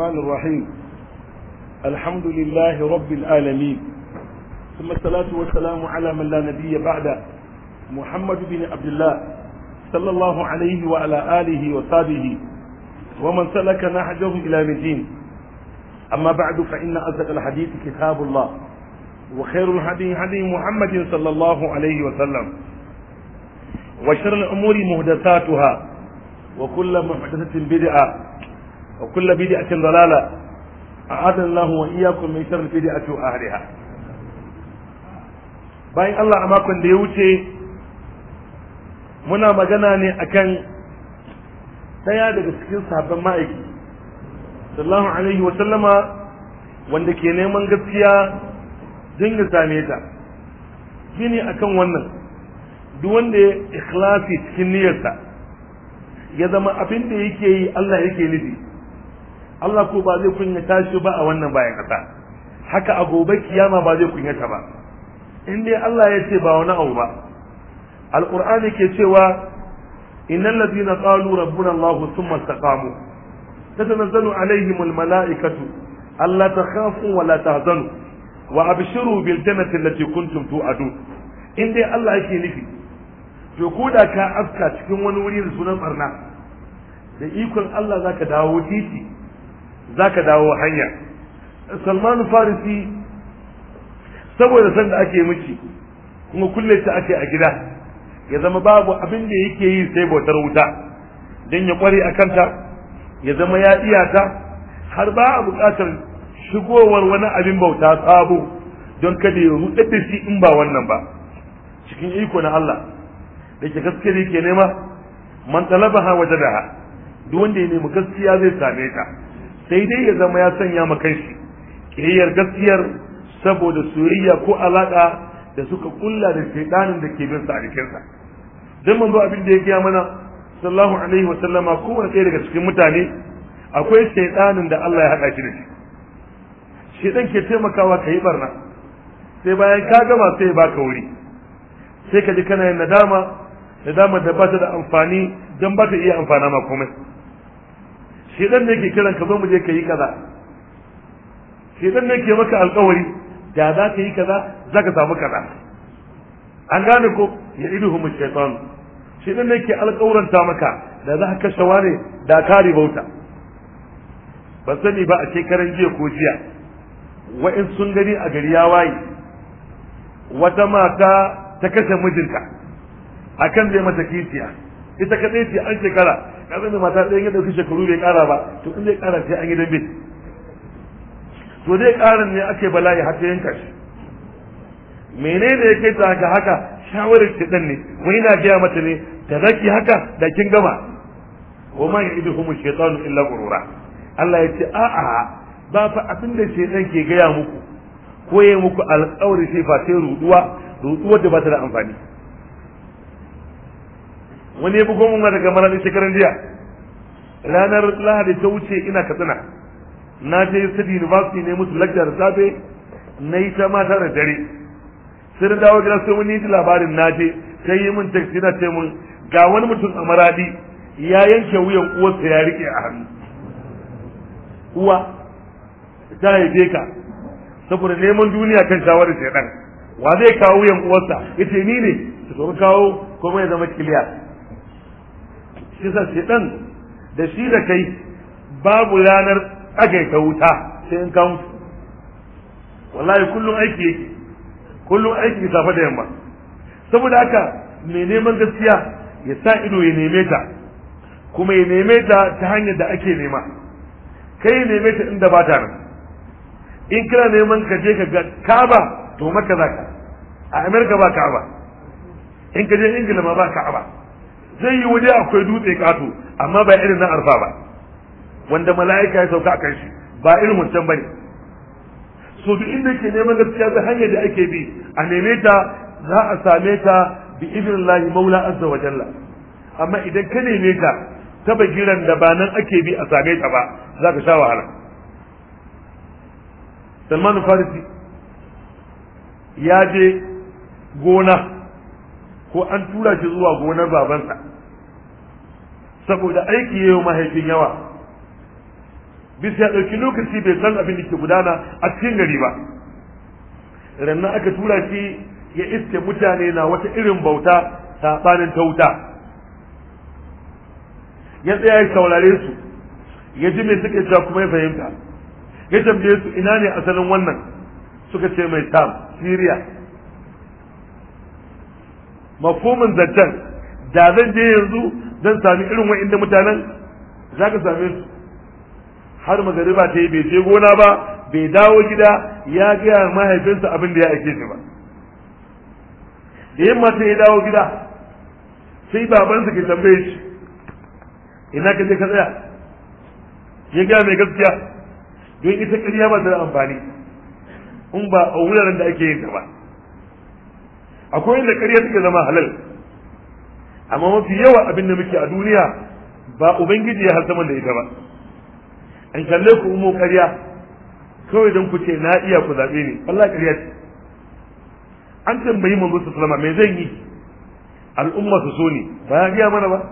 الرحمن الرحيم الحمد لله رب العالمين ثم الصلاة والسلام على من لا نبي بعد محمد بن عبد الله صلى الله عليه وعلى آله وصحبه ومن سلك نهجه إلى مدين أما بعد فإن أصدق الحديث كتاب الله وخير الهدي هدي محمد صلى الله عليه وسلم وشر الأمور مهدساتها وكل محدثة بدعة wa وكل بدعة ضلالة أعاذنا الله وإياكم من شر البدعة وأهلها bayan Allah a makon da ya wuce muna magana ne akan daya daga cikin sahabban ma'aiki sallallahu alaihi wa sallama wanda ke neman gaskiya don ya same ta shine akan wannan duk wanda ya ikhlasi cikin niyyarsa ya zama abin da yake yi Allah yake nufi Allah ko ba zai kunyata shi ba a wannan bayan kasa haka a gobe kiyama ba zai kunyata ba in dai Allah ya ce ba wani abu ba alqur'ani ke cewa innal ladina qalu rabbuna Allah thumma istaqamu tatanazzalu alaihim almalaikatu alla takhafu wa la tahzanu wa abshiru bil jannati allati kuntum tu'adun in dai Allah yake nufi to ko da ka afka cikin wani wuri da sunan barna da ikon Allah zaka dawo titi za ka dawo hanya salman farisi saboda sanda ake miki kuma kulle ta ake a gida ya zama babu abin da yake yi sai bautar wuta don ya kware a kanta ya zama ya iya ta har ba a buƙatar shigowar wani abin bauta sabo don kada ya ruɗe da shi in ba wannan ba cikin iko na Allah da ke gaske ne ke nema man talabaha wajadaha duk wanda ya nemi gaskiya zai same ta sai dai ya zama ya sanya ma shi kiyayyar gaskiyar saboda soyayya ko alaƙa da suka kulla da shaidanin da ke bin sa a jikinsa dan manzo abin da ya gaya mana sallallahu alaihi wa sallama kowane ɗaya daga cikin mutane akwai shaidanin da Allah ya haɗa shi da shi shaidan ke taimakawa ka barna sai bayan ka gama sai baka wuri sai ka ji kana yin nadama nadama da ba ta da amfani dan ba ta iya amfana ma komai shedan ne ke kiran ka zo mu je ka yi kaza shedan ne ke maka alƙawari da za ka yi kaza za ka samu kaza an gane ko ya iduhum shaytan shedan ne ke alkawuranta maka da za ka kashe wane da ka ribauta ba sani ba a shekaran jiya ko jiya wa'in sun gani a gari ya waye wata mata ta kashe mijinta akan zai mata kiciya ita kadai ce an shekara ka zama mata ɗaya ya ɗauki shekaru bai ƙara ba to in zai ƙara sai an yi dambe to zai ne ake bala'i har ta yanka shi menene ya kai ta haka haka shawarar ta ɗan ne wani na gaya mata ne ta zaki haka da kin gama wa ma ya idu kuma shaitanu illa gurura Allah ya ce a'a ba fa abin da shaitan ke gaya muku ko muku alƙawari sai ba sai ruduwa ruduwa da ba ta da amfani wani ya bugo mun daga mara shekaran jiya ranar lahadi ta wuce ina katsina na je sadi university ne musu lakta da safe na yi ta mata da dare sai da dawo gida sai wani yi labarin na je sai yi min taxi na ce mun ga wani mutum a maradi ya yanke wuyan uwarsa ya rike a hannu uwa ta haife ka saboda neman duniya kan shawarar shaidan wa zai kawo wuyan uwarsa ita ni ne ka kawo kuma ya zama kiliya kisa shedan da shi da kai babu ranar ta wuta sai in kan wallahi kullum aiki yake kullum aiki safa da yamma saboda haka mai neman gaskiya ya sa ido ya neme ta kuma ya neme ta ta hanyar da ake nema kai neme ta inda ba ta nan in kana neman ka je ka ga kaba to maka za ka a amerika ba ka'aba in ka je ingila ma ba ka'aba zai yi waje akwai dutse kato amma ba irin na arfa ba wanda mala'ika ya sauka a kan shi ba irin wancan bane so duk inda ke neman gaskiya ta hanyar da ake bi a neme ta za a same ta bi idnillahi maula azza wa jalla amma idan ka neme ta ta bagiran da ba nan ake bi a same ta ba za ka sha wahala Salman Farisi ya je gona ko an tura shi zuwa gonar babansa saboda aiki ya yi mahaifin yawa bisa ya ɗauki lokaci bai san abin da ke gudana a cikin gari ba rannan aka tura shi ya iske mutane na wata irin bauta saɓanin ta wuta ya tsaya ya saurare su ya ji mai suke cewa kuma ya fahimta ya tambaye su ina ne asalin wannan suka ce mai tam siriya mafumin zaccen da zan je yanzu zan sami irin inda mutanen za ka same su har magariba ta yi bai je gona ba bai dawo gida ya gaya mahaifinsa abin da ya aike shi ba da yamma ta ya dawo gida sai babansa ke tambaye shi ina ka je ka tsaya ya gaya mai gaskiya don ita ƙarya ba da amfani in ba a wuraren da ake yin ta ba akwai inda ƙarya take zama halal amma mafi yawa abin da muke a duniya ba ubangiji ya halta da ita ba an kalle ku umu ƙarya kawai don ku ce na iya ku zaɓe ni wallahi ƙarya ce an tambayi manzo salama me zan yi al'umma su so ni ba ya gaya mana ba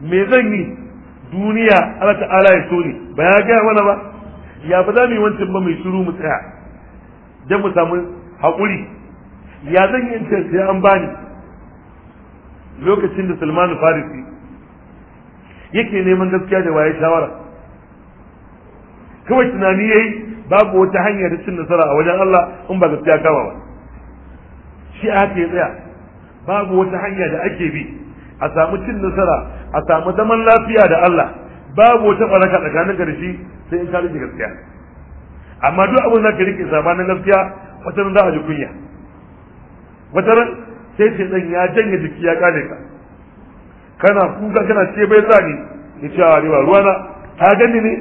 me zan yi duniya Allah ta'ala ya so ni ba ya gaya mana ba ya ba za mu yi wancan ba mai shiru mu tsaya dan mu samu haƙuri ya zan yi sai an bani lokacin da Salman Farisi yake neman gaskiya da waye shawara kawai tunani yayi babu wata hanya da cin nasara a wajen Allah in ba gaskiya kama ba shi ke tsaya babu wata hanya da ake bi a samu cin nasara a samu zaman lafiya da Allah babu wata baraka tsakanin shi sai in ka rike gaskiya amma duk abin da ka rike na gaskiya wata za a ji kunya wata sai dan ya janye jiki ya kare ka kana kuka kana ce bai zani ya ce a riwa ruwana ta gani ne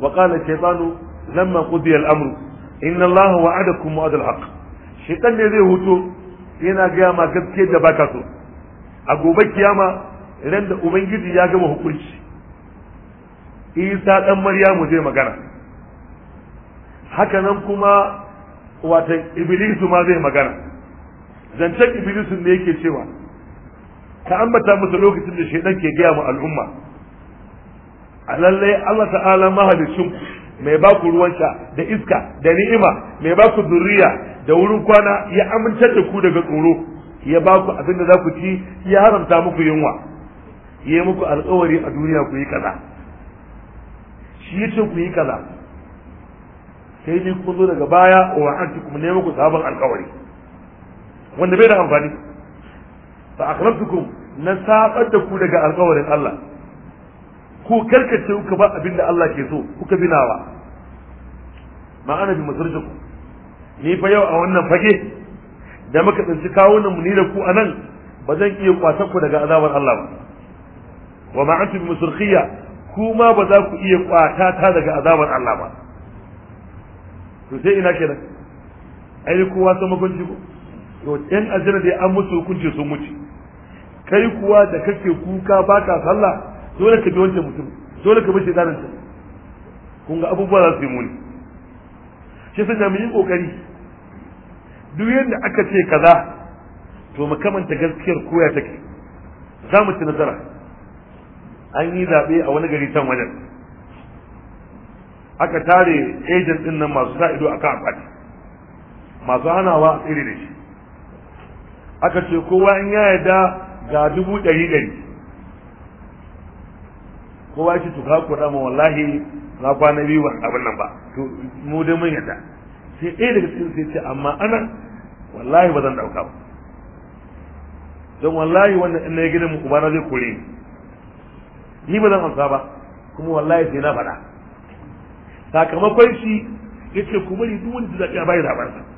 wa qala shaytanu lamma qudiya al-amru inna allaha wa'adakum wa'd al-haq shaitan ne zai huto yana gaya ma gaske da baka so a gobe kiyama ran da ubangiji ya gama hukunci isa dan maryamu zai magana haka nan kuma watan iblisu ma zai magana zancen iblisin ne yake cewa ka ambata musu lokacin da shi ke gaya mu al'umma a lallai Allah ta'ala mahalicin mai baku ku ruwan sha da iska da ni'ima mai baku ku da wurin kwana ya amince da ku daga tsoro ya baku ku abin da za ku ci ya haramta muku yunwa ya yi muku alkawari a duniya ku yi kaza shi ya ce ku yi kaza sai ni ku zo daga baya wa an ne muku sabon alkawari wanda bai da amfani fa akhlaftukum na sabar da ku daga alƙawarin Allah ku karkace ku ba abin da Allah ke so kuka binawa ma'ana bi masarjuku ni fa yau a wannan fage da muka tsinci kawunan mu ni da ku anan ba zan iya kwatar ku daga azabar Allah ba wa ma bi kuma ba za ku iya kwata ta daga azabar Allah ba to sai ina kenan ai kowa san magunci ko to yan da da an mutu hukunci sun mutu kai kuwa da kake kuka baka sallah dole ka bi wancan mutum dole ka bi shedanin ta kun ga abubuwa za su yi muni shi sun jami yi kokari duk yadda aka ce kaza to mu kamanta gaskiyar koya take za mu ci nasara an yi zaɓe a wani gari can wajen aka tare ejen ɗin nan masu sa ido akan akwati masu hanawa a tsire da shi aka ce kowa in ya yarda ga dubu ɗari ɗari kowa ya ce to ka kuɗa ma wallahi na kwana biyu ba abin nan ba to mu dai mun yarda sai ɗaya daga cikin sai ce amma ana wallahi ba zan ɗauka ba don wallahi wannan in na ya gidan mu ubana zai kore ni ni ba zan amsa ba kuma wallahi sai na faɗa sakamakon shi ce kuma bari duk wani zaɓi a bai zaɓarsa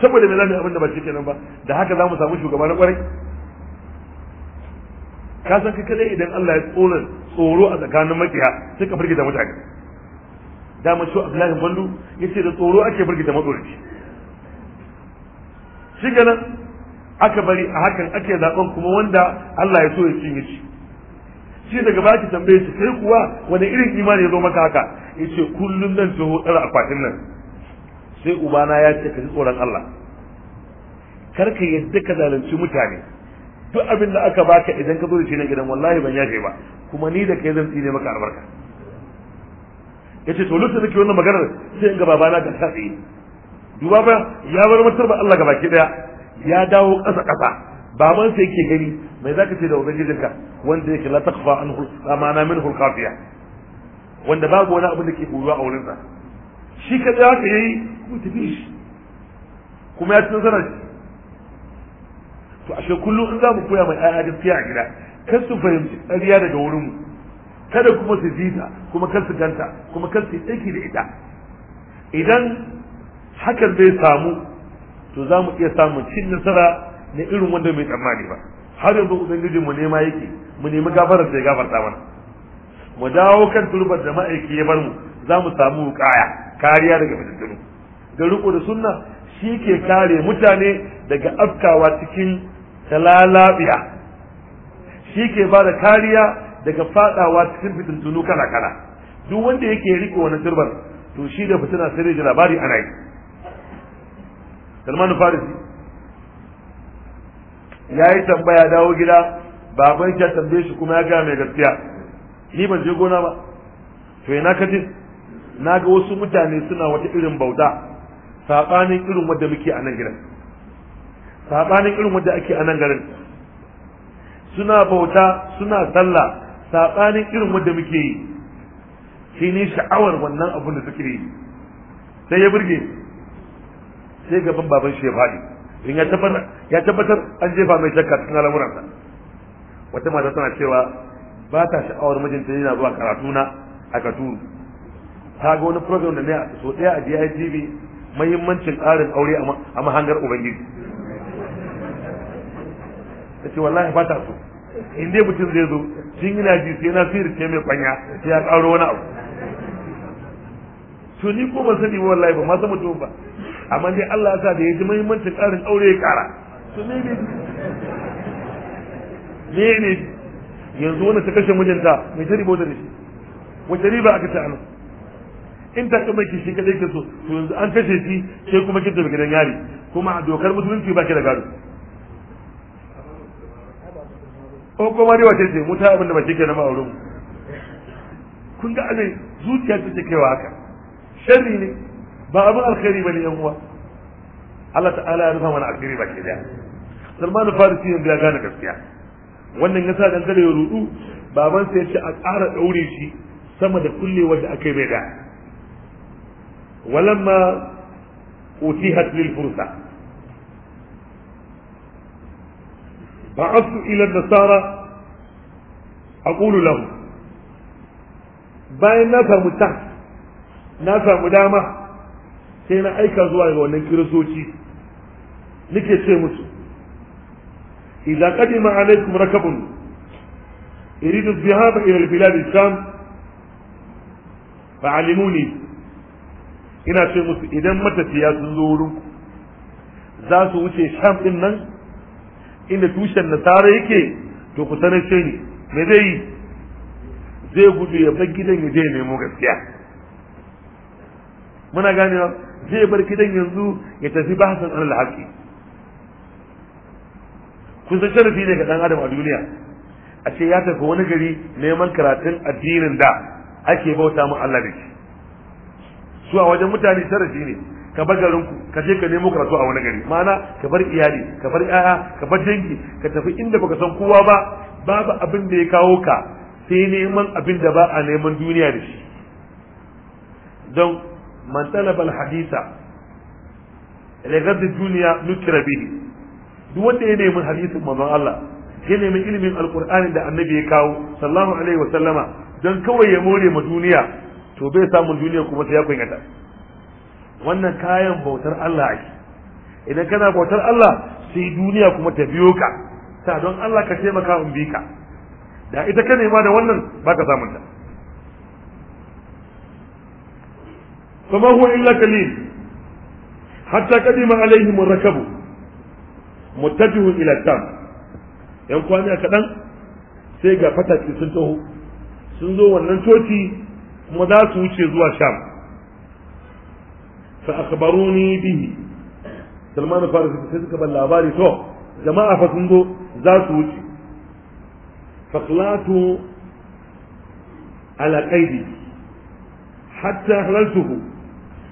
saboda me zamu yi abin da ba shi kenan ba da haka zamu samu shugaba na kwarai ka san ka kadai idan Allah ya tsora tsoro a tsakanin makiya sai ka firgita mutane dama shi Abdullahi Bandu yace da tsoro ake firgita matsoraci shi kenan aka bari a hakan ake zaben kuma wanda Allah ya so ya cinye shi shi daga baki tambaye su kai kuwa wani irin imani ya zo maka haka yace kullun nan taho tsara akwatin nan sai ubana ya ce ka ji tsoron Allah kar ka yadda ka zalunci mutane duk abin da aka baka idan ka zo da shi na gidan wallahi ban yafe ba kuma ni da kai zan tsine maka albarka yace to lokacin da ke wannan maganar sai in ga babana ga tsaye duba ba ya bar mutar ba Allah gabaki daya ya dawo kasa-kasa kasa baban sai yake gani mai zaka ce da ubangijinka wanda yake la takfa anhu amana minhu alqafiya wanda babu wani abu da ke koyuwa a wurin wurinsa shi kaɗai haka yayi zai shi kuma ya ci nasarar to ashe kullum in za mu koya mai ƴaƴa gaskiya a gida kan su fahimci ƙarya daga wurin mu kada kuma su ji ta kuma kan su ganta kuma kan su yi da ita idan hakan zai samu to za mu iya samun cin nasara na irin wanda mai tsammani ba har yanzu ubangiji mu nema yake mu nemi gafarar da ya gafarta mana mu dawo kan turbar da ma'aiki ya bar mu za mu samu kaya kariya daga fitattunu da riko da sunna shi ke kare mutane daga afkawa cikin talalabiya shi ke ba da kariya daga fadawa cikin fitintunu kala kala duk wanda yake riko wani turban to shi da fitina sai da labari ana yi Salman Farisi ya yi tambaya dawo gida baban ya tambaye shi kuma ya gaya mai gaskiya ni ban je gona ba to ina ka na ga wasu mutane suna wata irin bauta sabanin irin wanda muke a nan garin sabanin irin wanda ake a nan garin suna bauta suna sallah sabanin irin wanda muke yi shi ne sha'awar wannan abin da suke yi sai ya burge sai gaban baban shi ya faɗi in ya tabbatar an jefa mai shakka cikin al'amuransa wata mata tana cewa ba ta sha'awar mijinta yana zuwa karatu na a katuru ta ga wani program da ne a so ɗaya a DITV Mahimmancin ƙarin aure a mahangar ubangiji ta ce wallahi fata su so in dai mutum zai zo shin yana ji sai na sirri ce mai kwanya sai ya ƙaro wani abu to ni ko ban sani wallahi ba ma san mutum ba amma dai Allah ya sa da ya ji mahimmancin ƙarin aure ya ƙara to ne ne ne ne yanzu wani ta kashe mijinta mai ta ribo da shi wace riba aka ta anan in ta kuma ki shi kadai ke so to yanzu an kashe shi sai kuma kin tafi gidan yari kuma a dokar musulunci ba ki da gado ko kuma ne wace ce muta abin da ba kike na ba auren kun ga alai zuciya ta take kaiwa haka sharri ne ba abin alkhairi bane yan uwa Allah ta'ala ya rufa mana alkhairi ba ke da Salmanu Farisi yanzu ya gane gaskiya wannan yasa dan kada ya rudu baban ya yace a ƙara daure shi sama da kullewar da aka yi bai da ولما أتيحت لي الفرصة بعثت إلى النصارى أقول لهم bayan na samu ta na samu dama sai na aika zuwa ga wannan kirisoci nake ce musu idza qadima alaykum rakabun iridu dhahaba ila albilad alsham fa'alimuni ina ce musu idan matafiya sun zo wurin za su wuce sham din nan inda tushen nasara yake to ku sanar ce ni me zai yi zai gudu ya bar gidan ya je ya nemo gaskiya muna ganewa zai bar gidan yanzu ya tafi ba bahasan al-haqi kun san sharafi ne ga dan adam a duniya a ce ya tafi wani gari neman karatun addinin da ake bauta mu Allah da shi zuwa wajen mutane sharafi ne ka bar garin ku ka je ka nemo karatu a wani gari ma'ana ka bar iyali ka bar yaya ka bar dangi ka tafi inda baka san kowa ba babu abin da ya kawo ka sai neman abin da ba a neman duniya da shi don man talaba hadisa lagar da duniya nukira bihi duk wanda ya nemi hadisin manzon Allah ya nemi ilimin alkur'ani da annabi ya kawo sallallahu alaihi wa sallama don kawai ya more ma duniya to bai samun duniya kuma sai ya kunyata wannan kayan bautar Allah ake idan kana bautar Allah sai duniya kuma ta biyo ka ta don Allah ka taimaka in bi ka da ita ka nema da wannan baka samun ta kuma huwa illa kalil hatta kadima alaihi rakabu muttajihun ila tam yan kwana kadan sai ga fataki sun sun zo wannan coci kuma za su wuce zuwa sham fa akhbaruni bihi salman farisi sai suka bar labari to jama'a fa sun zo za su wuce fa qlatu ala qaidi hatta halaltuhu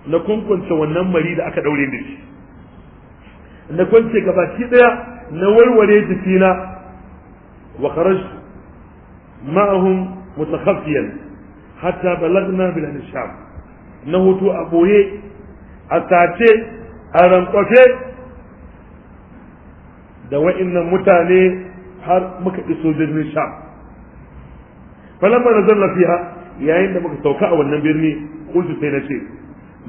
na kunkunta wannan mari da aka daure da shi na kwance gabaki daya na warware jikina wa kharajtu ma'ahum mutakhaffiyan hatta balagna bilan sham na hutu a boye a sace a rankwafe da wa'innan mutane har muka iso birnin sham falamma nazarna fiha yayin da muka sauka a wannan birni kultu sai na ce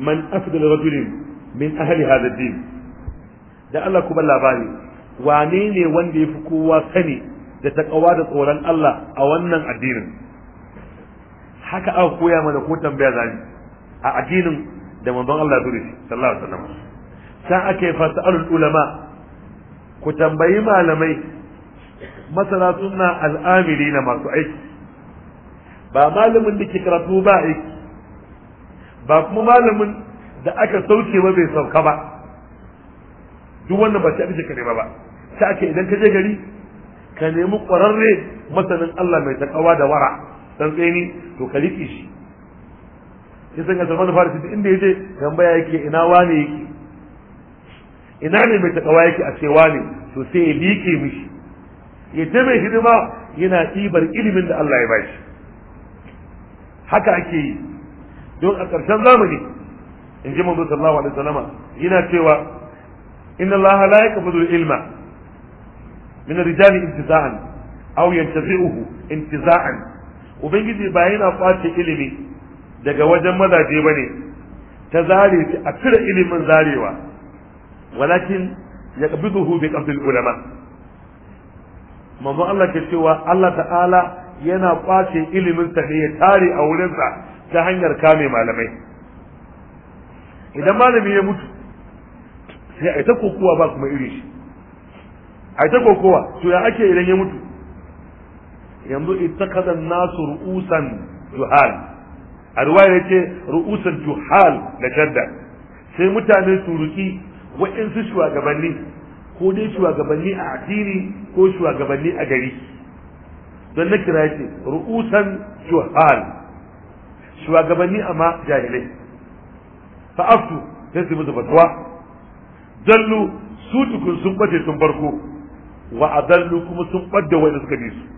man afdal rajulin min ahli hadha din da Allah kuma labari wane ne wanda fi kowa sani da takawa da tsoron Allah a wannan addinin haka aka koya mana ko tambaya zani a addinin da manzon Allah zuri sallallahu alaihi wasallam san ake fasalul ulama ku tambayi malamai masana sunna al'amiri na masu aiki ba malamin da ke karatu ba aiki ba kuma malamin da aka sauke ba bai sauka ba duk wannan ba sai ka nema ba ta ake idan ka je gari ka nemi ƙwararre masanin Allah mai takawa da wara dan to ka rike shi ya san Salman fara duk inda yaje tambaya yake ina wane yake ina ne mai takawa yake a cewa ne to sai ya liƙe mishi ya ta mai hidima yana ɗibar ilimin da Allah ya bashi haka ake yi don a ƙarshen zamani in ji manzo sallallahu alaihi wasallama yana cewa inna Allah la yaqbalu ilma min rijali intiza'an aw yantazi'uhu intiza'an ubangiji ba yana kwace ilimi daga wajen mazaje bane ta zare shi a cire ilimin zarewa walakin ya qabiduhu bi qabdil ulama manzo Allah ke cewa Allah ta'ala yana kwace ilimin sa ne ya tare a wurinsa ta hanyar kame malamai idan malami ya mutu sai a ta kokowa ba kuma iri shi a ta kokowa to ya ake idan ya mutu yanzu ittakada nasu ru'usan juhal a ruwaya ce ru'usan juhal da shadda sai mutane su ruki wa'insu shugabanni ko dai shugabanni a addini ko shugabanni a gari don na kira ce ru'usan juhal shugabanni amma jahilai fa'aftu sai su musu fatuwa dallu su tukun sun bace sun farko wa adallu kuma sun bada wani suka bi su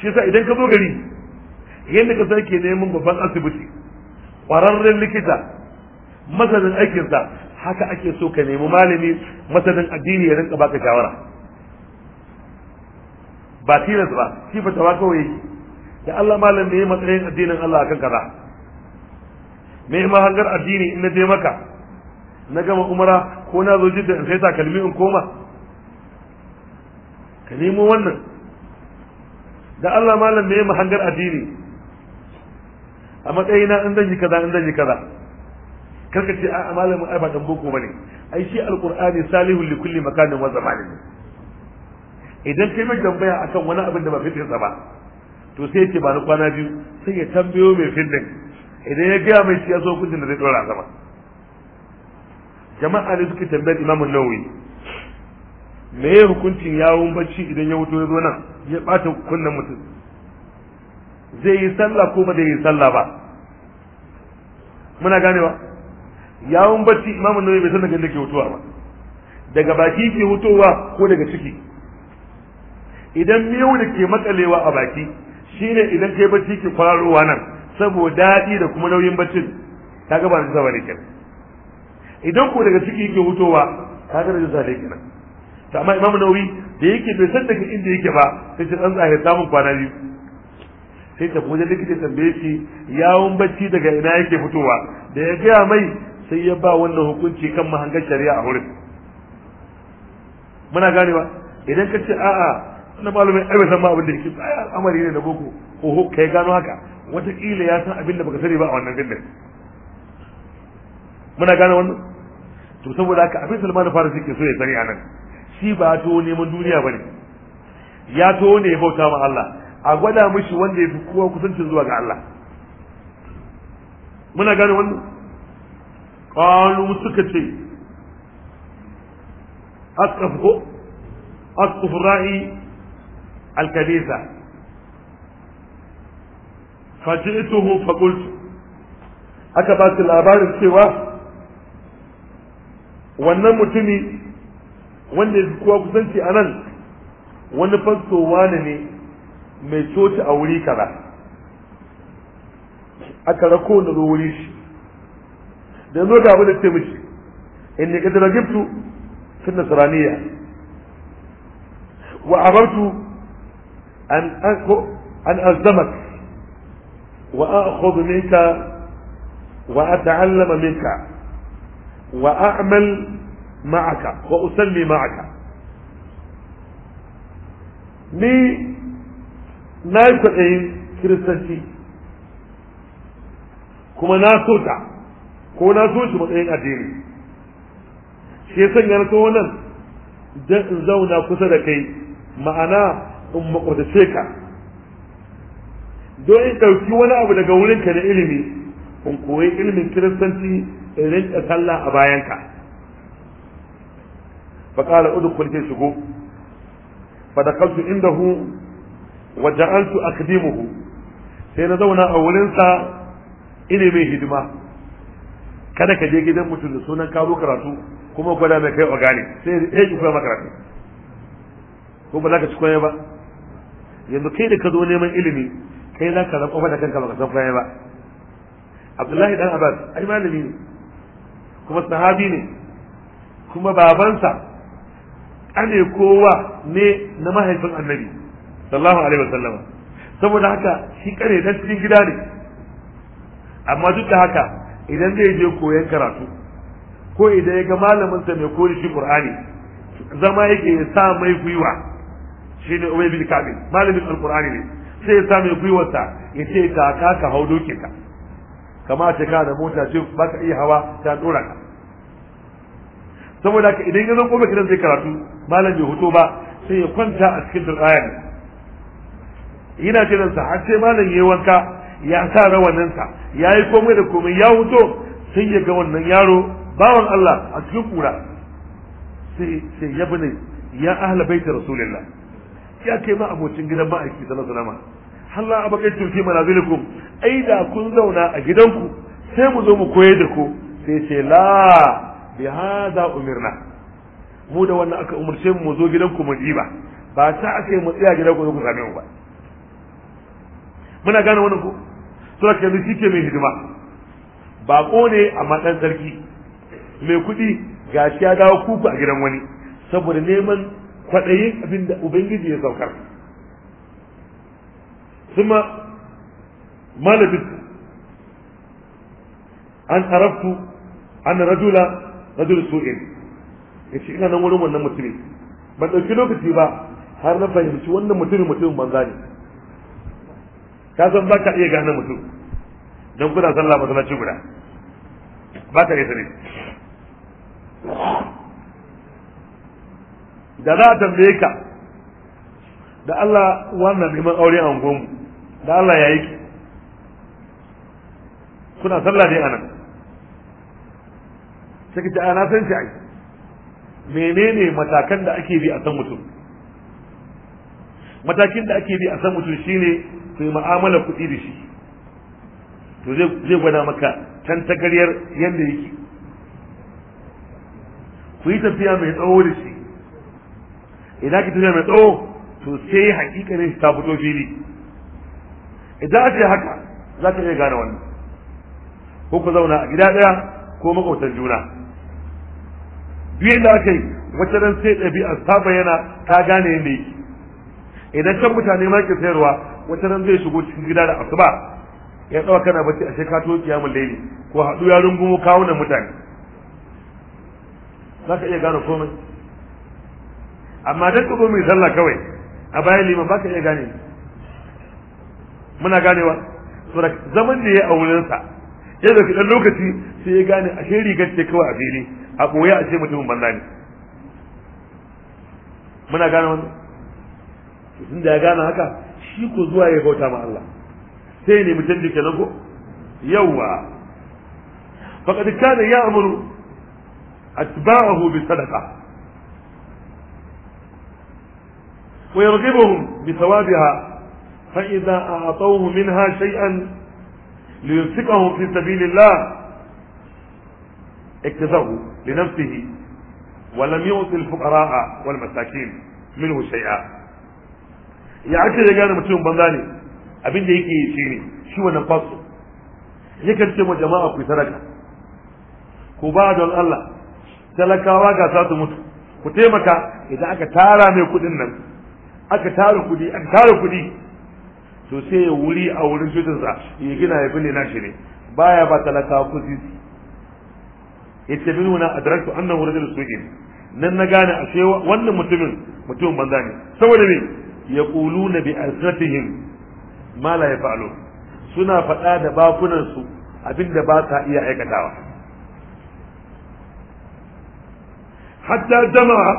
shi sa idan ka zo gari yadda ka sake neman babban asibiti ƙwararren likita masanin aikinsa haka ake so ka nemi malami masanin addini ya rinka baka shawara ba tilas ba shi ba kawai yake da Allah malam ne matsayin addinin Allah akan kaza me ma hangar addini in na je maka na gama umara ko na zo jidda in sai kalmi in koma ka nemo wannan da Allah malam me hangar addini a matsayina in zan yi kaza in zan yi kaza karka ce a malamin ai ba dan boko bane ai shi alqur'ani salihul li kulli makanin wa zamanin idan kai mai tambaya akan wani abin da ba sa ba to sai yake ba na kwana biyu sai ya tambayo mai fitin idan ya gaya mai shi ya so kudin da zai dora sama jama'a ne suke tambayar imamu nawawi me ya hukuncin yawon bacci idan ya wuto ya zo nan ya bata kunnen mutum zai yi sallah ko ba zai yi sallah ba muna ganewa yawon bacci imamun nawawi bai san daga inda ke hutuwa ba daga baki ke hutuwa ko daga ciki idan miyau da ke matsalewa a baki shine idan kai bacci ke kwararowa nan saboda daɗi da kuma nauyin baccin ta gaba da zama ne kenan idan ko daga ciki ke hutuwa ka ga da zama ne kenan to amma imam nauyi da yake bai san daga inda yake ba sai ce dan zahir samun kwana biyu sai ta wajen likita tambaye shi yawon bacci daga ina yake fitowa da ya gaya mai sai ya ba wannan hukunci kan mahangar shari'a a wurin muna gane ba idan ka ce a'a na malumin ai san ma abin da yake tsaya al'amari ne na boko oho kai gano haka wataƙila ya san abin da baka sani ba a wannan gindin muna gane wannan to saboda haka abin salmanu faris yake so ya sani a nan shi ba to neman duniya bane ya to ne ya bauta ma Allah a gwada mishi wanda ya fi kowa kusancin zuwa ga Allah muna gane wannan qalu suka ce asqafu asqafu ra'i al faji'tuhu fa aka ba su labarin cewa wannan mutumi wanda ya fi kowa kusanci a nan wani fastowa ne ne mai coci a wuri kaza aka rako na zo wuri shi da zo ga abin da ce mishi in ne kadara giftu fi nasraniya wa abartu an an azzamak wa akhudhu minka wa ata'allama minka wa a'mal ma'aka wa usalli ma'aka ni na yi kwaɗayin kiristanci kuma na so ta ko na so shi matsayin addini shi ya sanya na so nan don in zauna kusa da kai ma'ana in makwadace ka don in ɗauki wani abu daga wurinka na ilimi in koyi ilimin kiristanci in rinka sallah a bayanka فقال ادخل كي شكو فدخلت عنده وجعلت أخدمه سينا دونا أولنسا إلي مي هدمة kada ka je gidan mutum da sunan ka karatu kuma gwada mai kai ogani sai ya ki koya makaratu ko ba za ka ci koya ba yanzu kai da ka zo neman ilimi kai za ka zan kofa da kanka baka san koya abdullahi dan abbas ai malami ne kuma sahabi ne kuma babansa ane kowa ne na mahaifin annabi sallallahu alaihi wasallam saboda haka shi kare na cikin gida ne amma duk da haka idan zai je koyon karatu ko idan ya ga malamin sa mai koyi shi qur'ani zama yake ya sa mai gwiwa shine ubay bin kabil malamin alqur'ani ne sai ya sa mai gwiwarsa ya ce ka ka ka hau doke ka kama ce ka da mota ce baka iya hawa ta dora ka saboda haka idan ya zo kofar gidan zai karatu malam bai hoto ba sai ya kwanta a cikin diraya yana jiran sa har sai malam yayi wanka ya sa rawanin sa yayi komai da komai ya hoto sai ya ga wannan yaro bawan Allah a cikin kura sai sai ya bane ya ahla baiti rasulillah ya kai ma abocin gidan ma'aiki sallallahu alaihi wasallam halla abakaitu fi manazilikum ai da kun zauna a gidanku sai mu zo mu koyar da ku sai sai la bi hadha umirna mu da wannan aka umarce mu zo gidanku mu diba ba ta ake mu tsaya gidanku zo ku same mu ba muna gane wannan ko to da shi ke mai hidima bako ne amma dan sarki mai kuɗi gashi ya dawo kuku a gidan wani saboda neman kwaɗayin abin da ubangiji ya saukar kuma malabin an arabtu an rajula rajul su'in ce ina nan wurin wannan mutumin ban ɗauki lokaci ba har na fahimci wannan mutumin mutumin banza ne ta san ba ka iya gane mutum don kuna sallah masallaci guda ba ka iya sani da za a tambaye ka da Allah wannan neman aure a da Allah ya yi kuna sallah ne a nan sai ta na san shi ai menene matakan da ake bi a san mutum matakin da ake bi a san mutum shine ku yi mu'amala kuɗi da shi to zai gwada maka can tagaryar yadda yake ku yi tafiya mai tsawo da shi idan ki tafiya mai tsawo to sai hakikanin ne ta fito fili idan aka yi haka za ka iya gane wannan ko ku zauna a gida ɗaya ko makwabtan juna duk inda aka yi wacce dan sai ɗabi'a ta bayyana ta gane yadda yake idan can mutane ma ke sayarwa wacce dan zai shigo cikin gida da asuba ya tsawa kana bacci a shekato kiyamun laili ko haɗu ya rungumo na mutane za ka iya gane komai amma dan ka mai sallah kawai a bayan liman ba ka iya gane muna ganewa zaman da ya a wurinsa ya zafi dan lokaci sai ya gane a shiri ce kawai a fili a ɓoye a ce mutumin banza ne muna gane wannan tun da ya gane haka shi ko zuwa ya bauta ma Allah sai ne mutum da kenan ko yawa faqad kana ya'muru atba'ahu bi sadaqa ويرغبهم بثوابها فإذا أعطوه منها شيئا ليمسكه في سبيل الله اكتسبه لنفسه ولم يؤت الفقراء والمساكين منه شيئا ya ake da gane mutumin banza ne abin da yake yi shi ne shi wannan fasto yakan ce ma jama'a ku sadaka ku ba don Allah talakawa ga sa mutu ku taimaka idan aka tara mai kudin nan aka tara kudi to sai ya wuri a wurin cutarsa ya gina ya bile na shi ne baya ba talaka ku sisi yace min wana adraktu annahu rajul su'in nan na gane a ce wannan mutumin mutumin banza ne saboda ne ya kulu na bi azratihim ma la yaf'alu suna faɗa da bakunansu abinda ba sa iya aikatawa hatta jama'a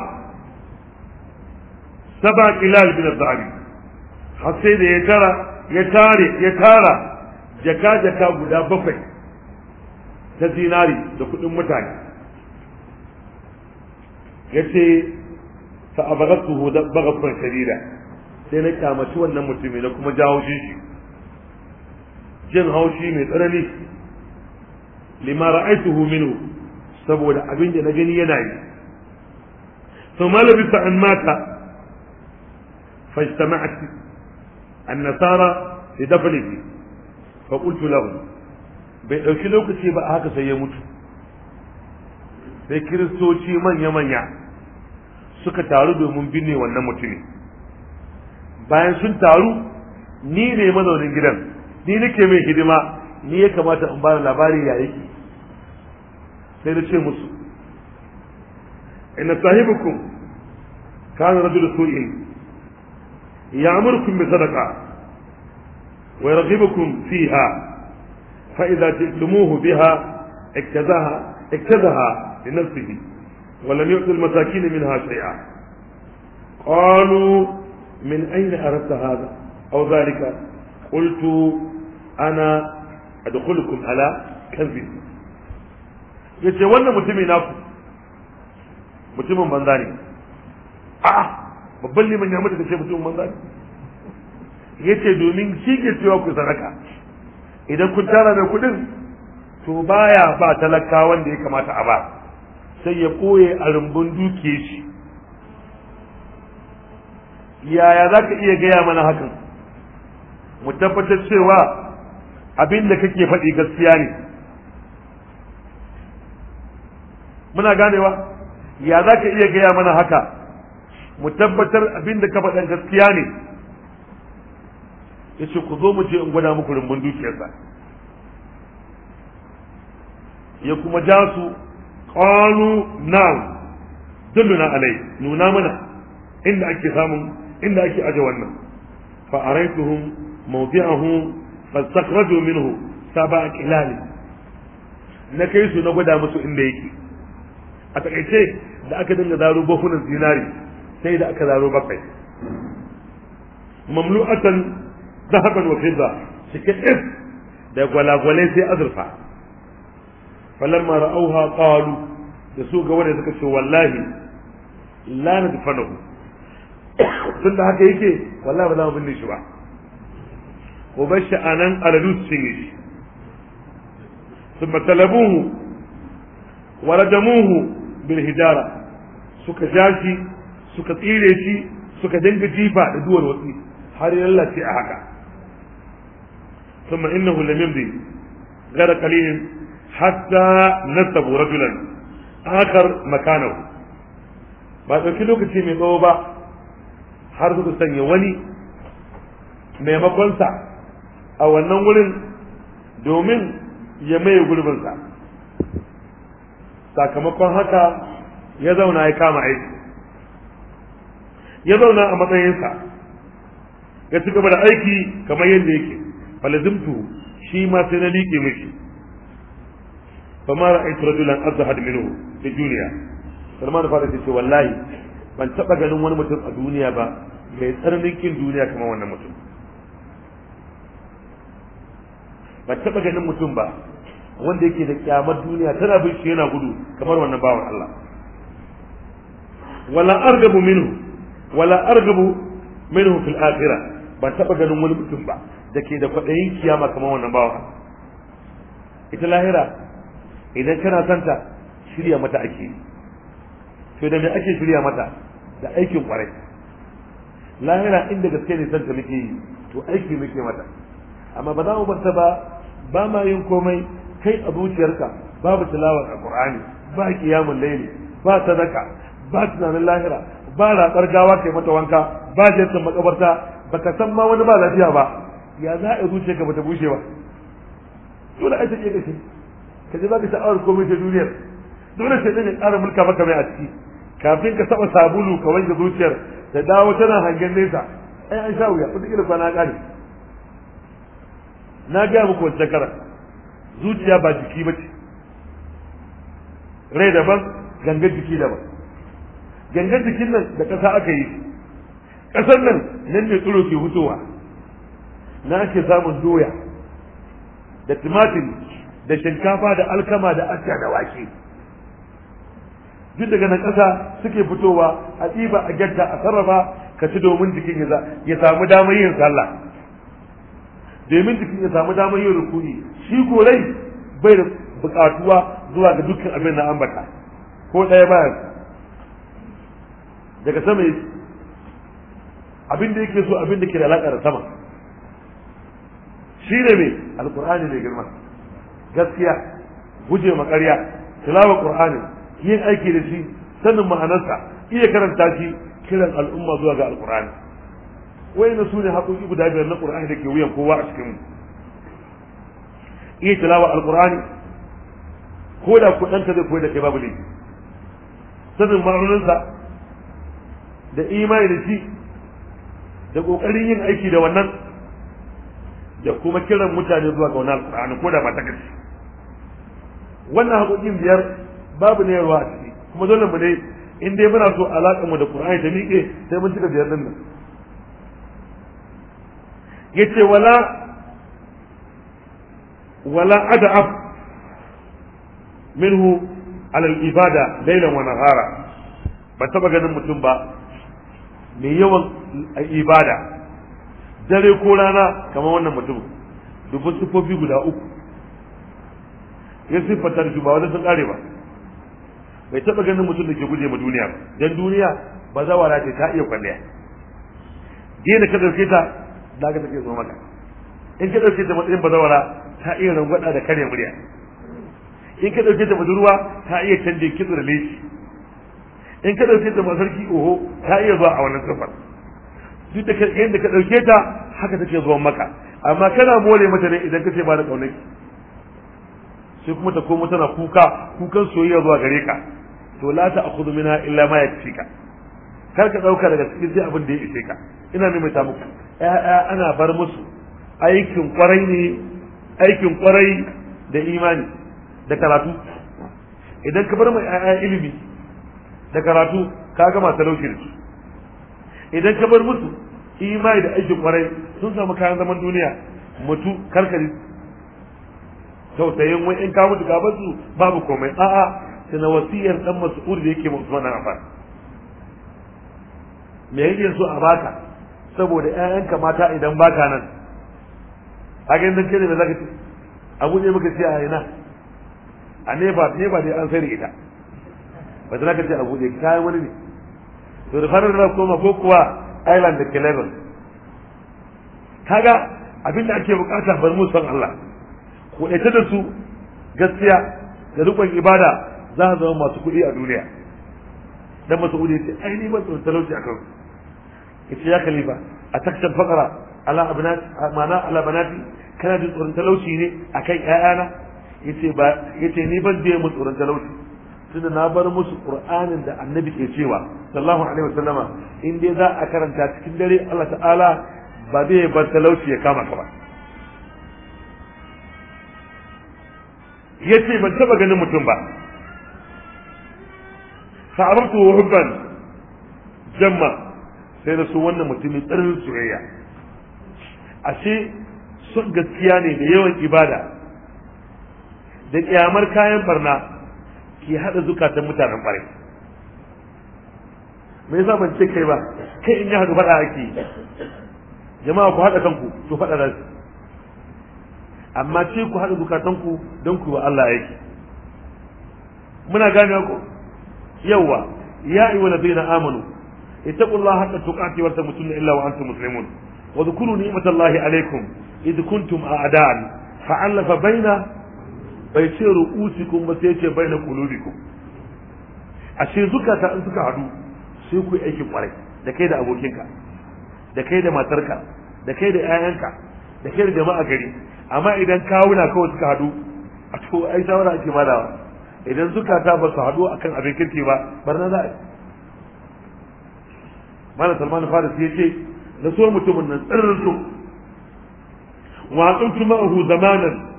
saba bin al har sai da ya tara ya tare ya tara jaka jaka guda bakwai ta zinari da kuɗin mutane ya ce ta abagatsu hudar bagafin shadida sai na kyamaci wannan mutumi na kuma jawo shi jin haushi mai tsanani lima ra'aituhu minhu saboda abin da na gani yana yi ثم an mata fashta ma'a النصارى في دفنه فقلت لهم bai ɗauki lokaci ba haka sai ya mutu sai kiristoci manya-manya suka taru domin binne wannan mutumin bayan sun taru ni ne mazaunin gidan ni nake mai hidima ni ya kamata in bada labari ya yake sai da ce musu ina sahibukum kana rajul su'in يأمركم بصدقة ويرغبكم فيها فإذا جئتموه بها اكتذها اكتذها لنفسه ولم يؤت المساكين منها شيئا قالوا من أين أردت هذا أو ذلك قلت أنا أدخلكم على كنز yace wannan mutumin naku mutumin banza ne babban liman ya mutu da ce mutum manza ya ce domin shi ke cewa ku sadaka idan kun tara da kuɗin to baya ba talaka wanda ya kamata a ba sai ya koye a rumbun duke shi yaya za ka iya gaya mana hakan mu tabbatar cewa abin da kake faɗi gaskiya ne muna ganewa ya za ka iya gaya mana haka mu tabbatar abin da ka faɗa gaskiya ne ya ce ku zo mu je in gwada muku rumbun dukiyarsa ya kuma ja su ƙwano na na alai nuna mana inda ake samun inda ake aje wannan fa domin mawdi'ahu fastakhraju minhu sab'a qilal na kai su na gwada musu inda yake a takaice da aka dinga zaro bofunan zinari sai da aka zaro bakwai mamlu'atan zahaban wa fidda cike if da gwalagwalai sai azurfa falamma ra'auha qalu da su ga wanda suka ce wallahi la ku tun da haka yake wallahi ba za mu binne shi ba ko bar shi anan aladu su cinye shi ثم تلبوه ورجموه بالهجارة suka ja shi suka tsire shi suka dinga jifa da duwar wasi har ya lallace a haka ثم انه لم يمضي غير قليل حتى نصبوا رجلا اخر makano. ba ɗauki lokaci mai tsawo ba har suka sanya wani maimakonsa a wannan wurin domin ya maye gurbinsa sakamakon haka ya zauna ya kama aiki ya zauna a matsayinsa ya ci gaba da aiki kamar yadda yake falazimtu shi ma sai na liƙe mishi fa ma ra'aytu rajulan azhad minhu fi duniya Salman fara ce wallahi ban taba ganin wani mutum a duniya ba mai tsananin kin duniya kamar wannan mutum ban taba ganin mutum ba wanda yake da kyamar duniya tana bin shi yana gudu kamar wannan bawan Allah wala argabu minhu wala argabu minhu fil akhirah ban taba ganin wani mutum ba da ke da kwaɗayin kiyama kamar wannan bawa ita lahira idan kana santa shirya mata ake yi to da me ake shirya mata da aikin kwarai lahira inda gaske ne santa muke yi to aiki muke mata amma ba za mu barta ba ba ma yin komai kai a zuciyarka babu tilawar alqur'ani ba kiyamul layli ba sadaka ba tunanin lahira ba ratsar gawa kai mata wanka ba jinsin makabarta baka san ma wani ba lafiya ba ya za a zuciya ka bata bushe ba dole ai take kace ka ji zaka sha'awar komai ta duniyar dole sai ne tsara mulka maka mai a ciki kafin ka saba sabulu ka wanke zuciyar da dawo tana hangen nesa ai an sha wuya wata kila kwana kare na gaya muku wata kara zuciya ba jiki ba ce rai daban gangar jiki daban gangan jikin nan da ƙasa aka yi ƙasar nan nan ne tsoro ke hutowa na ake samun doya da tumatir da shinkafa da alkama da asya da wake duk daga nan ƙasa suke fitowa a tsiba a gyadda a sarrafa ka ci domin jikin ya samu damar yin sallah domin jikin ya samu damar yin rukuni shi gorai bai da buƙatuwa zuwa ga dukkan abin na ambata ko ɗaya bayan daga sama yake abin da yake so abin da ke da alaƙa da sama shi ne mai alƙur'ani mai girma gaskiya guje maƙarya, tilawa tilawar ƙur'ani yin aiki da shi sanin ma'anarsa iya karanta shi kiran al'umma zuwa ga alƙur'ani Wai su ne haƙoƙi guda biyar na ƙur'ani da ke wuyan kowa a cikinmu iya tilawa alƙur'ani ko da kuɗanta zai koyar da kai babu laifi sanin ma'anarsa da imani da shi da kokarin yin aiki da wannan da kuma kiran mutane zuwa ga wannan alqur'ani ko da ba ta gaci wannan hakokin biyar babu ne ruwa a ciki kuma dole mu dai in dai muna so alaƙar mu da qur'ani ta miƙe sai mun cika biyar nan. nan yace wala wala adab minhu alal ibada lailan wa nahara ba taba ganin mutum ba mai yawan ibada dare ko rana kamar wannan mutumin dubu sufofi guda uku ya siffatar shi ba wani sun kare ba bai taɓa ganin mutum da ke guje ma duniya ba don duniya ba za wala ce ta iya kwalliya gina ka ɗauke ta za ka take zo maka in ka ɗauke ta matsayin bazawara ta iya rangwada da karya murya in ka ɗauke ta budurwa ta iya canje kitso da leshi in ka ɗauke ta sarki oho ta iya zuwa a wannan safar. duk da yadda ka ɗauke ta haka take zuwa maka amma kana more mata ne idan ka ce ba da ƙaunaki sai kuma ta komo tana kuka kukan soyayya zuwa gare ka to la ta akhudhu minha illa ma ka. kar ka dauka daga cikin sai abin da ya ishe ka ina maimaita muku ƴaƴa ana bar musu aikin kwarai ne aikin kwarai da imani da karatu idan ka bar mai ƴaƴa ilimi da karatu ka gama talauci da su idan ka bar musu imani da aikin kwarai sun samu kayan zaman duniya mutu karkari tausayin wai in ka mutu gaban su babu komai a'a tana wasiyar dan mas'ud da yake mutu wannan Affan me yake so a baka saboda ƴaƴanka mata idan baka nan ga inda kire da zaka ci abu ne muka ci a ina a ne ba ne ba dai an sai ita ba za ka ce a buɗe yi wani ne to da farin da koma ko kuwa island da kelebel kaga abin da ake bukata bar mu son Allah ko ita da su gaskiya da rikon ibada za a zama masu kuɗi a duniya dan masaudi ya ce ai ni ban tsoron talauci akan yace ya khalifa a takshan fakara ala abnat mana ala banati kana jin tsoron talauci ne akan ƴaƴana yace ba yace ni ban je mu tsoron talauci tunda na bar musu qur'anin da annabi ke cewa sallallahu alaihi wasallama in dai za a karanta cikin dare Allah ta'ala ba zai bar talauci ya kama ka ba yace ban taba ganin mutum ba fa'arabtu hubban jamma sai da su wannan mutumin tsarin soyayya ashe sun gaskiya ne da yawan ibada da kyamar kayan barna ke hada zukatan mutanen kwarai me yasa ban ce kai ba kai in ya hadu fada ake jama'a ku hada kanku to fada da su amma ce ku hada zukatan ku don ku wa Allah aiki muna gane ku yawa ya ayyuhal ladina amanu ittaqullaha haqqa tuqatih wa la tamutunna illa wa antum muslimun wa dhkuru ni'matallahi alaykum id kuntum أعداء fa'alafa bayna bai ce kun ba sai ce bai na kun ko. ashe zukata in suka hadu sai ku aikin kwarai da kai da abokinka da kai da matarka da kai da 'ya'yanka da kai da jama'a gari amma idan kawuna kawai suka hadu a to ai shawara ake badawa idan zukata ba su hadu akan abin kirki ba bar na za'a yi malam faris ya ce na so mutumin nan tsirrin su wa kuntu zamanan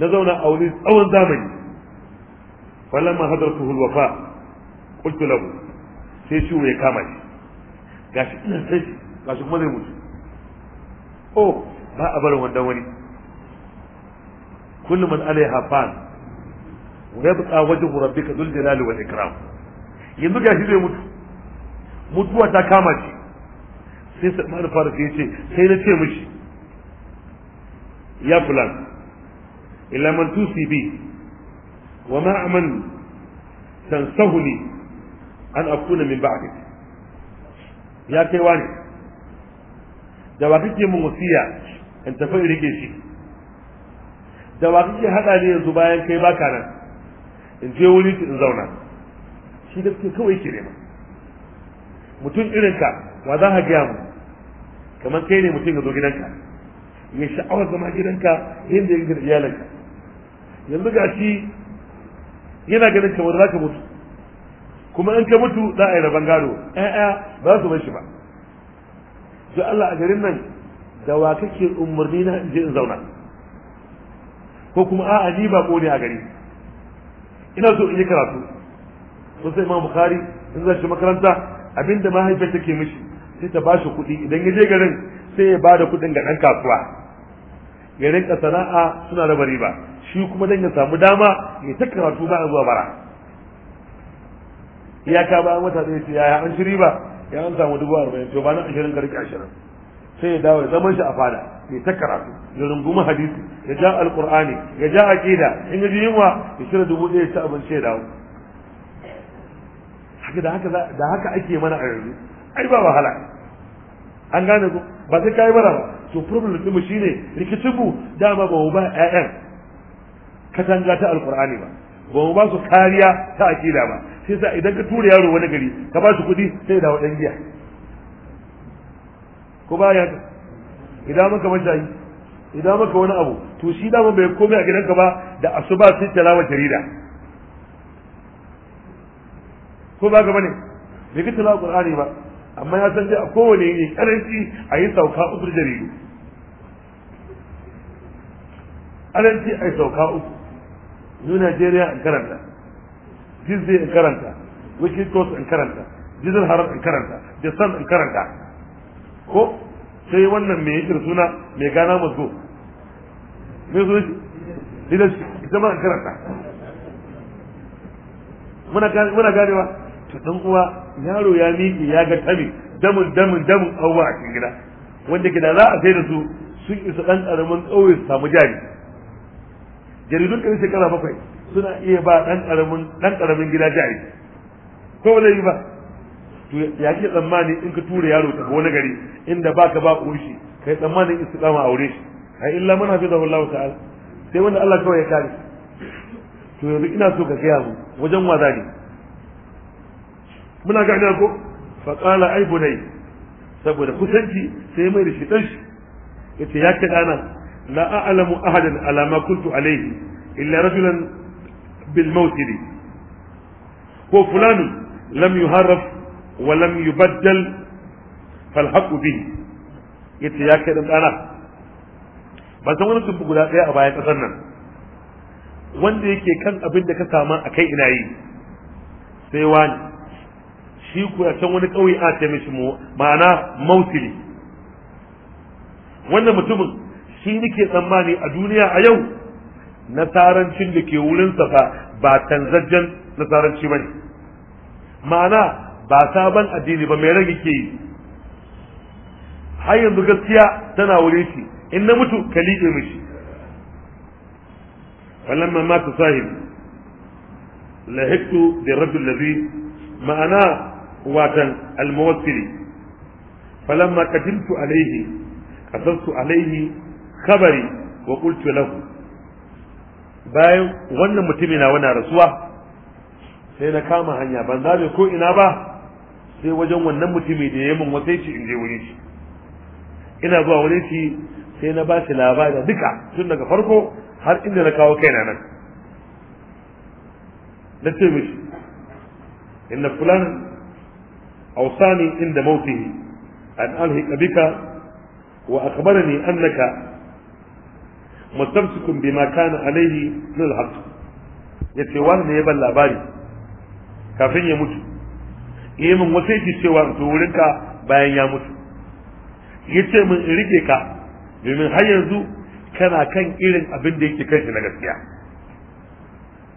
na zauna a wani tsawon zamani falamma mahadar su qultu lahu sai ciwo ya kama shi shi ina sai shi shi kuma zai mutu oh ba a barin wannan wani kullu man alai hafan wa yabqa wajhu rabbika dhul jalali wal ikram yanzu shi zai mutu mutuwa ta kama shi sai sai ma'ana fara ce sai na ce mishi ya fulani إلا من توصي بي وما من تنسهني أن أكون من بعدك يا كيواني da wa kake mun wasiya in tafi in rike shi da wa kake hada ne yanzu bayan kai baka nan in je wuri in zauna shi gaske kawai ke nema mutum irin ka wa za ka gaya mu kamar kai ne mutum ya zo gidanka ya sha'awar zama gidanka inda ya gidan iyalinka yanzu ga shi yana ganin kamar za ka mutu kuma in ka mutu za a yi rabon gado ɗaya ba su bar shi ba don Allah a garin nan da wa kake umarni na in in zauna ko kuma a'a ni ba ne a gari ina so in yi karatu sun sai imam bukari in zai shi makaranta abinda mahaifiyar take mishi sai ta bashi kuɗi idan ya je garin sai ya ba da kuɗin ga ɗan kasuwa ya rinka sana'a suna raba riba shi kuma dan ya samu dama ya ta karatu ba zuwa bara ya ka ba mata zai ce yaya an shiri ba ya an samu dubu arba'in to ba na ashirin ka rike ashirin sai ya dawo ya zaman shi a fada ya ta karatu ya rungumi hadisi ya ja alqur'ani ya ja aqida in ya ji yunwa ya shirya dubu ɗaya ya abin abinci ya dawo haka da haka da haka ake mana a yanzu ai ba wahala an gane ba sai kai bara ba to problem din mu shine rikicin mu dama ba mu ba ƴaƴan katanga ta alkur'ani ba ba mu ba su kariya ta akida ba sai sa idan ka tura yaro wani gari ka ba su kuɗi sai da wadan giya ko ba ya idan maka mashayi idan muka wani abu to shi dama bai komai a gidanka ba da asuba sai talawa jarida ko ba ga bane bai ga talawa qur'ani ba amma ya san dai a kowane ne karanci a yi sauka uku jaridu karanci a yi sauka uku new nigeria in karanta tuesday in karanta wicked coast in karanta jizar harar in karanta the sun in karanta ko sai wannan mai yake suna mai gana masu mai suna shi leadership ita ma in karanta muna ganewa ta dan uwa yaro ya miƙe ya ga tabi damun damun damun abubuwa a cikin gida wanda gida za a sai da su sun isa ɗan ƙaramin ƙauye su samu jari jaridun kan shekara bakwai suna iya ba ɗan karamin ɗan karamin gida jari ko wani yi ba to ya ke tsammani in ka tura yaro ta wani gari inda baka ba kurshi shi kai tsammanin istiqama aure shi ai illa man hafizahu Allah ta'ala sai wanda Allah kawai ya kare to yanzu ina so ka gaya mu wajen waza ne muna ga ko fa qala ay bunay saboda kusanci sai mai da shi dan yace ya ke dana la a'lamu ahadan ala ma kuntu alayhi illa rajulan bil mawtiri ko fulanun lam yuharraf wa lam yubaddal fal haqu bihi yace ya kai dan dana ban san wani tumbu guda ɗaya a bayan kasar nan wanda yake kan abin da ka sama a kai ina yi sai wani shi ku a can wani ƙauye a ce mishi ma'ana mautili wannan mutumin shi nake tsammani a duniya a yau nasarancin da ke wurinsa fa ba tanzajjen nasaranci ba ne ma'ana ba sabon addini ba mai rage ke yi har yanzu gaskiya tana wurin shi in na mutu ka liƙe mishi wannan ma mata sahib da rabbi lazi ma'ana watan almuwassili falamma kadimtu alaihi kasantu alaihi Kabari wa qultu lahu bayan wannan mutumi na wani rasuwa sai na kama hanya ban zabe ko ina ba sai wajen wannan mutumin da ya min wasaici in je shi ina zuwa wuri shi sai na ba shi labari duka tun daga farko har inda na kawo kaina nan na ce mishi inna fulan awsani inda mautihi an alhiqa bika wa akhbarani annaka mustamsikun bima kana alaihi min alhaq yace wani ne ya ban labari kafin ya mutu yayi min wasiyyaci cewa to wurinka bayan ya mutu yace min in rike ka domin har yanzu kana kan irin abin da yake kai shi na gaskiya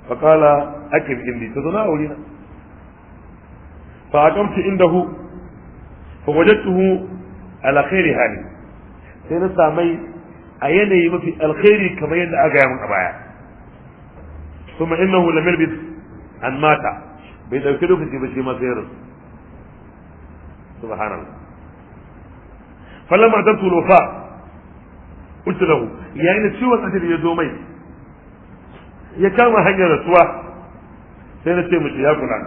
fa qala akib indi wuri na fa aqamtu indahu fa wajadtuhu ala khairi hali sai na samai a yanayi mafi alkhairi kamar yadda aka yi a baya kuma innahu lam yalbis an mata bai dauki lokaci ba shi ma sai rasu subhanallah falamma tatu lufa qultu yayin da ciwon asiri ya zo mai ya kama hanyar rasuwa sai na ce mishi ya kula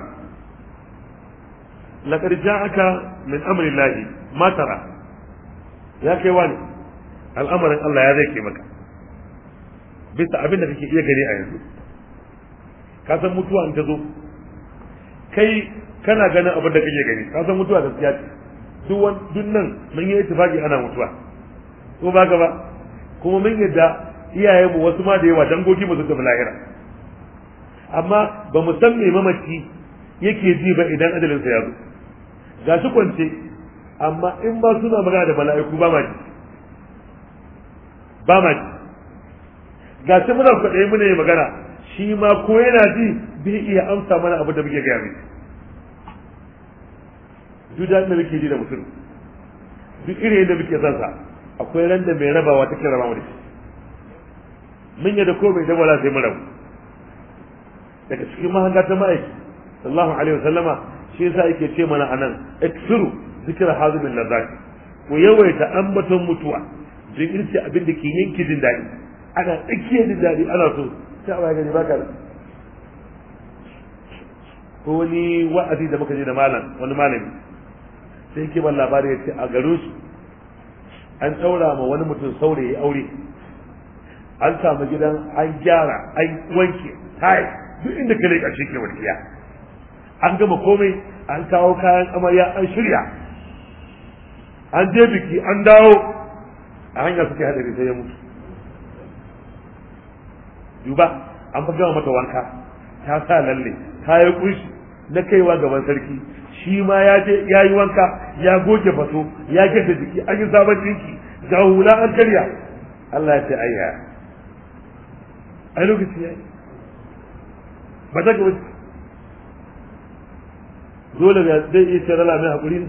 ja aka min amri llahi ya kai wani al'amarin Allah ya zai ke maka bisa abin da kake iya gani a yanzu ka san mutuwa in ta zo kai kana ganin abin da kake gani ka san mutuwa gaskiya ce duk duk nan mun yi tafaki ana mutuwa ko ba gaba? kuma mun yadda iyaye mu wasu ma da yawa dangogi mu da lahira amma ba mu san me mamaci yake ji ba idan adalinsa ya zo Ga su kwance amma in ba suna magana da mala'iku ba ma ji ba ma ji ga shi muna kwaɗe muna yi magana shi ma ko yana ji bai iya amsa mana abu da muke gaya mai duk da muke ji da mutum duk iri da muke son sa akwai ran da mai rabawa take raba mu shi mun yadda ko bai wala sai mu rabu daga cikin mahanga ta ma'aiki sallallahu alaihi wasallama shi yasa yake ce mana anan iksiru zikra hazibin lazati ku yawaita ambaton mutuwa don abin da ke yanke jin daɗi ana tsakiyar jin daɗi ana so sai a gani baka ko wani wa'azi da muka je da malam wani malami sai yake ban labari ya ce a garin su an ɗaura ma wani mutum saurayi aure an samu gidan an gyara an wanke Hai, duk inda ka leƙa shi ke walƙiya an gama komai an kawo kayan amarya an shirya an je biki an dawo a hanya suke hadari sai ya mutu duba an fa gama mata wanka ta sa lalle ta yi kunshi na kaiwa gaban sarki shi ma ya yi wanka ya goge faso ya gasa jiki an yi sabon jinki ga hula an karya Allah ya ce ayya ai lokaci yi ba ta gaba dole zai iya ce rala mai hakuri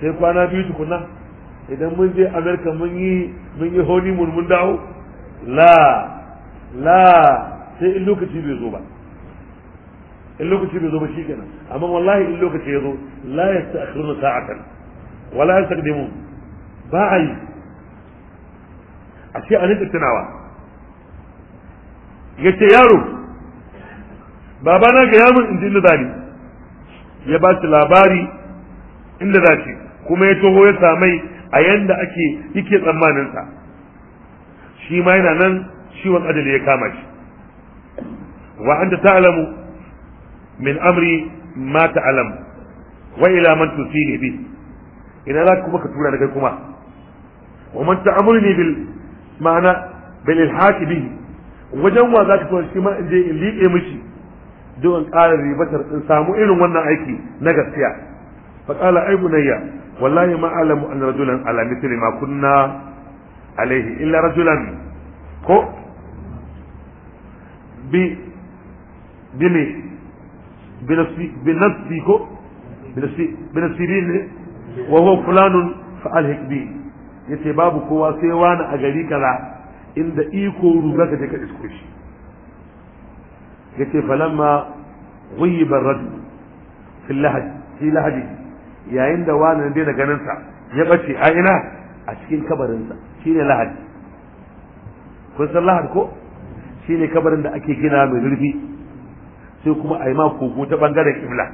sai kwana biyu tukuna. idan mun je amerika mun yi mun yi honeymoon mun dawo la la sai in lokaci bai zo ba in lokaci bai zo ba shikenan amma wallahi in lokaci ya zo la ya yasta'khiruna sa'atan wala yastaqdimun ba ai yi a rinka tunawa yace yaro babana ga yamin in ji inda zani ya ba shi labari inda za shi kuma ya toho ya samai a yanda ake yake tsammanin sa shi ma yana nan ciwon ajali ya kama shi wa anta ta'lamu min amri ma ta'lam wa ila man tusini bi ina za kuma ka tura da kai kuma wa man ta'amurni bil ma'ana bil ilhaqi bihi wajen wa za ka tura shi ma in je in liƙe mishi don ƙara ribatar in samu irin wannan aiki na gaskiya fa qala ay bunayya wallahi ma alamu an rajulan ala mithli ma kunna alaihi illa rajulan ko bi bi ne bi nafsi ko fulanun yace babu kowa sai wani a gari kaza inda iko ruga ka je ka isko shi yace falamma ghayiba ar-rajul lahaj yayin da wani daina ganinsa ya ɓace a ina a cikin kabarinsa shine lahadi kun san lahadi ko shine kabarin da ake gina mai zurfi sai kuma a yi ma kogo ta bangaren kibla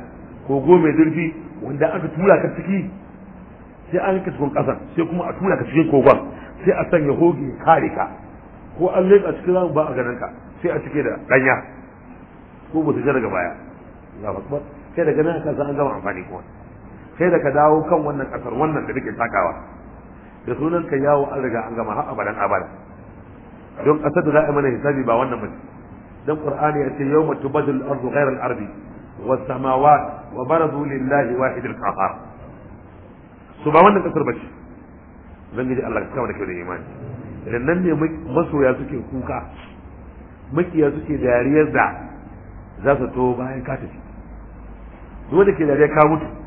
kogo mai zurfi wanda aka tura ka ciki sai an ka cikin ƙasa sai kuma a tura ka cikin kogon sai a sanya hoge kare ka ko an leƙa cikin zamu ba a ganin ka sai a cike da ɗanya ko ba su daga baya Allah akbar sai daga nan ka san an gama amfani kuma sai da ka dawo kan wannan kasar wannan da kake takawa da sunan ka yawo an riga an gama har abadan abada don kasar da za a mana hisabi ba wannan mace dan qur'ani ya ce yawma tubadul ardu ghayra al-ardi was samawat wa baradu lillahi wahid al-qahar su ba wannan kasar bace ubangiji Allah ka kawo da kai da imani idan nan ne masoya suke kuka makiya suke dariyar da za su to bayan ka tafi duk da ke dariya ka mutu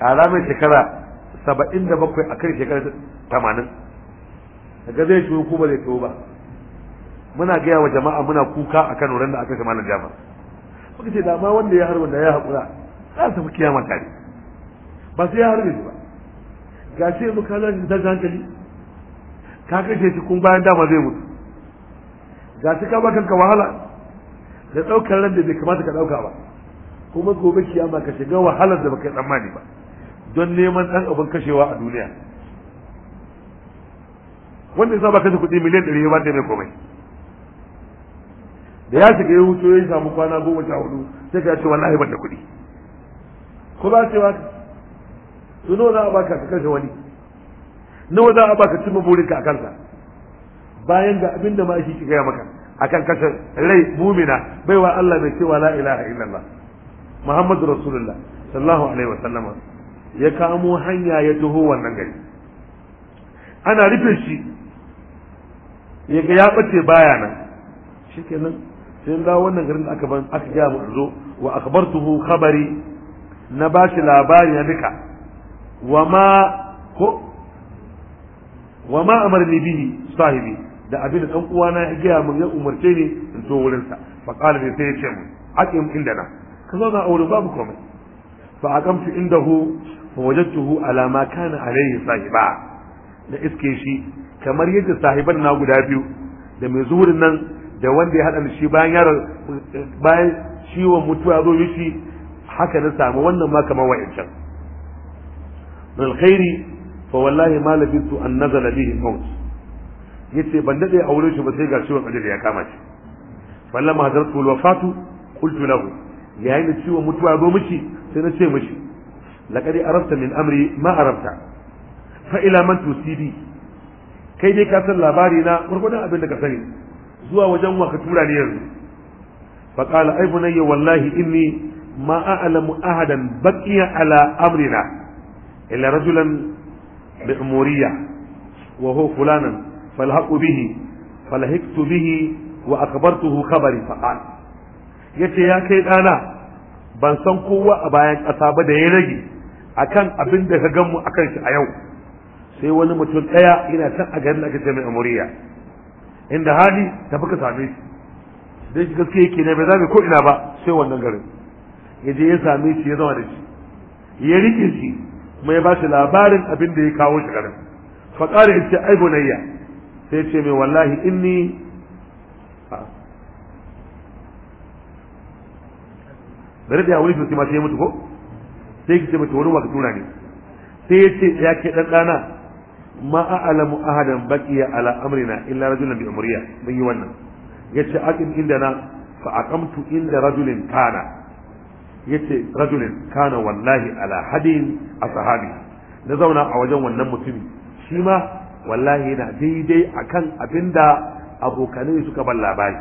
a mai shekara saba'in da bakwai a kan shekara tamanin daga zai ciwo ko ba zai ciwo ba muna gaya wa jama'a muna kuka a kan wurin da aka shama na jama'a muka ce dama wanda ya harba da ya haƙura za su fi kiyama tare ba sai ya harbe shi ba ga shi yanzu ka shi tashin hankali ka kashe shi kun bayan dama zai mutu ga shi ka kanka wahala da ɗaukar ran da bai kamata ka ɗauka ba kuma gobe kiyama ka shiga wahalar da baka tsammani ba don neman ɗan abin kashewa a duniya wanda ya saba kashe kuɗi miliyan ɗari ya ba ta mai komai da ya shiga ya wuce ya samu kwana goma sha hudu sai ka ce wallahi ban da kuɗi ko ba ce ba su nawa za a baka ka kashe wani nawa za a baka cimma burinka a kansa bayan ga abin da ma shi ki gaya maka akan kashe rai mumina baiwa Allah mai cewa la ilaha illallah Muhammadu Rasulullah sallallahu alaihi wa sallama ya kamo hanya ya taho wannan gari ana rufe shi ya ga ya bace baya nan shikenan sai da wannan garin da aka ban aka ga mu zo wa akhbartuhu khabari na ba shi labari na duka wa ma ko wa ma amarni bihi sahibi da abin da dan uwana ya ga ya umarce ni in zo wurin sa fa qala sai ya ce mu inda indana ka zo a aure babu komai fa aqamtu indahu fa wajadtuhu ala ma kana alayhi sahiba da iske shi kamar yadda sahiban na guda biyu da mai zuhurin nan da wanda ya hada shi bayan yaro bayan ciwon mutuwa zo shi haka na samu wannan ma kamar wa'ancan min khairi fa wallahi ma labitu an nazala bihi maut yace ban dade aure shi ba sai ga ciwon ajali ya kama shi fallama hadartu al wafatu qultu lahu yayin da ciwon mutuwa zo miki sai na ce miki. laqad arafta min amri ma arafta fa ila man tusibi kai dai ka san labari na gurgudan abin da ka sani zuwa wajen wa ka tura ni yanzu fa qala ay bunayya wallahi inni ma a'lamu ahadan baqiya ala amrina illa rajulan bi umuriyya wa huwa fulanan falhaqu bihi falhaqtu bihi wa akhbartuhu khabari fa qala yace ya kai dana ban san kowa a bayan ƙasa ba da ya rage akan abin da ka gan mu akan shi a yau sai wani mutum ɗaya yana san a garin aka ce mai amuriya inda hali ta ka same shi dai shi gaske yake ne bai zame ko ina ba sai wannan garin ya je ya same shi ya zama da shi ya rike shi kuma ya ba shi labarin abin da ya kawo shi garin fa qala yace ai bunayya sai ce mai wallahi inni bari da ya wani sosai ma sai ya mutu ko sai ki ce mata wani waka tura ne sai ya ce ya ke ɗan ɗana, ma a'lamu ahadan baqiya ala amrina illa rajulan bi umriya mun yi wannan Ya yace aqim na fa aqamtu inda rajulin kana ce rajulin kana wallahi ala hadin sahabi. na zauna a wajen wannan mutumi shi ma wallahi yana daidai a abin abinda abokanai suka ban labari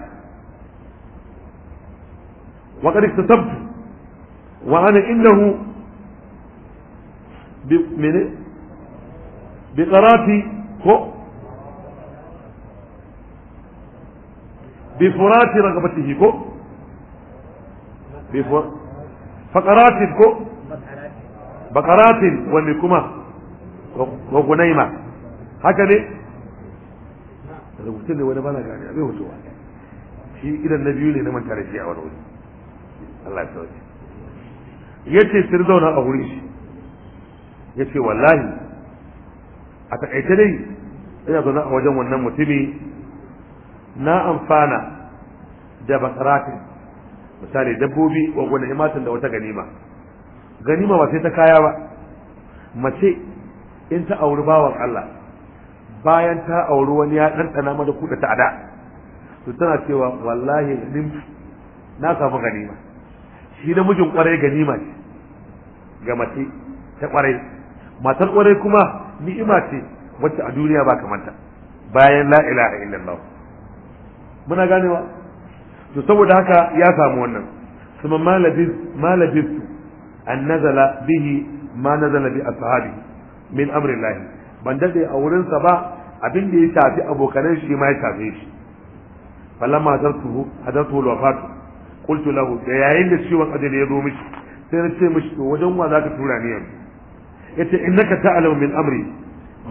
wa ta istasabtu wa ana innahu bi mene bi qarati ko bi furati ragabatihi ko bi ko bakaratin wani kuma wa gunaima ne idan na biyu ne a a ya ce wallahi a taƙaice dai ina zaune a wajen wannan mutumi na amfana da basaratin misali dabbobi wa wani imatin da wata ganima ganima ba sai ta kaya ba mace in ta auri bawan Allah bayan ta auri wani ya ɗanɗana mata kuɗa ta ada to tana cewa wallahi nim na samu ganima shi namijin kwarai ganima ce ga mace ta kwarai matar kwarai kuma ni'ima ce wacce a duniya ba kamanta bayan la ilaha illallah muna ganewa to saboda haka ya samu wannan kuma malabiz malabistu an nazala bihi ma nazala bi ashabi min lahi ban dade a wurin sa ba abin da ya shafi abokanan shi ma ya shafe shi falamma zartuhu hadartu alwafat qultu lahu da yayin da ciwon ajali ya zo mishi sai na ce mishi to wajen wa zaka tura ni yanzu yace innaka ta'lamu min amri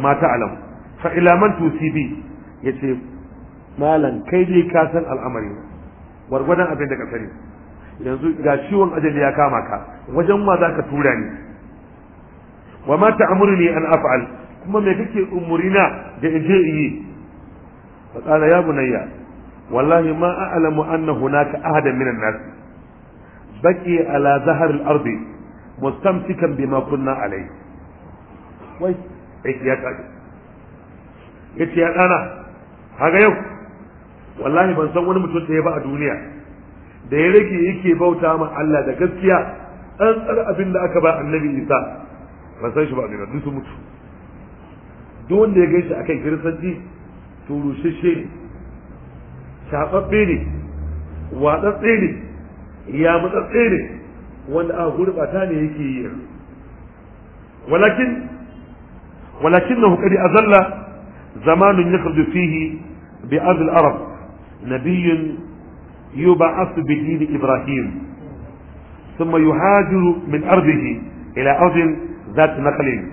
ma ta'lamu fa ila man tusibi yace malan kai dai ka san al'amari wargwadon abin da ka sani yanzu ga ciwon ajali ya kama ka wajen ma zaka tura ni wa ma ta'muruni an af'al kuma me kake umurina da in je yi fa qala ya bunayya wallahi ma a'lamu anna hunaka ahadan minan nas baqi ala zahar al-ardi mustamsikan bima kunna alayhi wai aiki ya kaji ya ya ɗana haga yau wallahi ban san wani mutum da ya ba a duniya da ya rage yake bauta ma Allah da gaskiya an tsara abin da aka ba annabi isa ban san shi ba ne duk mutu duk wanda ya gaishe akan kiristanci to rushashe ne shafaffe ne watsatse ne ya mutsatse ne wanda a gurbata ne yake yi walakin ولكنه قد أذل زمان يخرج فيه بأرض العرب نبي يبعث بدين إبراهيم ثم يهاجر من أرضه إلى أرض ذات نخل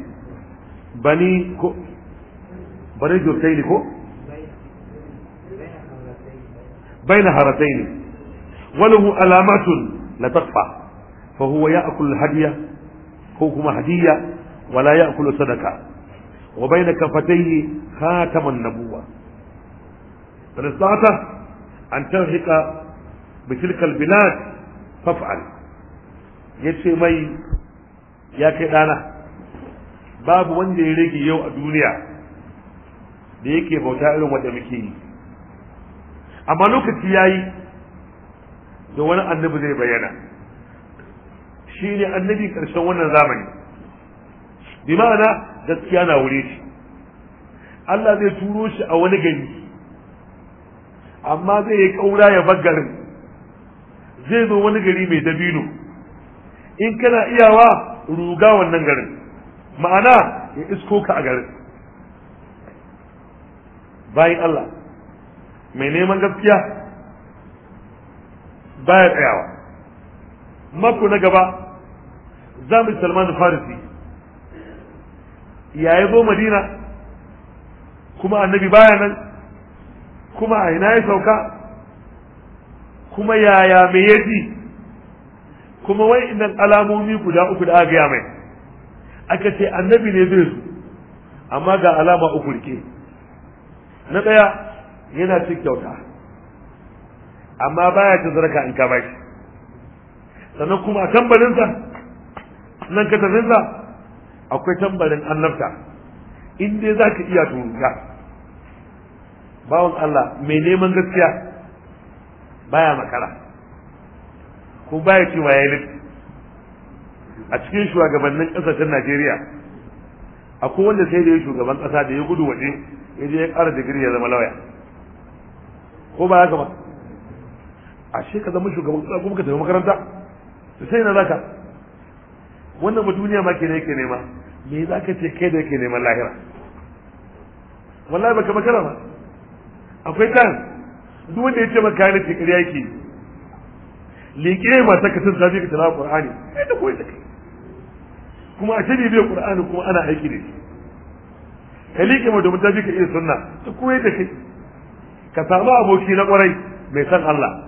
بني كو بني جرتين كو بين هرتين وله علامات لا تقطع فهو يأكل الهدية هو كما هدية ولا يأكل صدقة wa baina kafatayhi khataman nabuwa risata an tarhika bi tilka albilad faf'al yace mai ya kai dana babu wanda ya rage yau a duniya da yake bauta irin wanda muke yi amma lokaci yayi da wani annabi zai bayyana shine annabi karshen wannan zamani bi ma'ana gaskiya na wuri shi Allah zai turo shi a wani gari amma zai yi kaura ya bar garin zai zo wani gari mai dabino in kana iyawa ruga wannan garin ma'ana ya isko ka a garin bayan Allah mai neman gaskiya baya tsayawa mako na gaba za mu salman farisi ya ya zo madina kuma annabi baya nan kuma a ina ya sauka kuma yaya me ya ji kuma wai idan alamomi guda uku da aka gaya mai aka ce annabi ne zai zo amma ga alama uku rike na ɗaya yana cin kyauta amma baya ta zarka in ka bashi sannan kuma a tambarinsa nan katarinsa akwai tambarin annabta in dai za ka iya turuka bawan Allah mai neman gaskiya baya makara ko baya cewa ya yi a cikin shugabannin ƙasashen Najeriya akwai wanda sai da ya shugaban ƙasa da ya gudu waje ya je ya ƙara digiri ya zama lauya ko ba haka ba ashe ka zama shugaban ƙasa kuma ka tafi makaranta sai na zaka wannan ba duniya ma ke ne ke nema me za ka ce kai da yake neman lahira wallahi baka makara ba akwai tan duk wanda ya ce maka yana ce ƙarya yake liƙe ma ta sun zafi ka tana ƙur'ani kai da koyi da kai kuma a tabi bai ƙur'ani kuma ana aiki da shi ka liƙe ma domin tafi ka iya sunna ta koyi da kai ka samu aboki na ƙwarai mai san Allah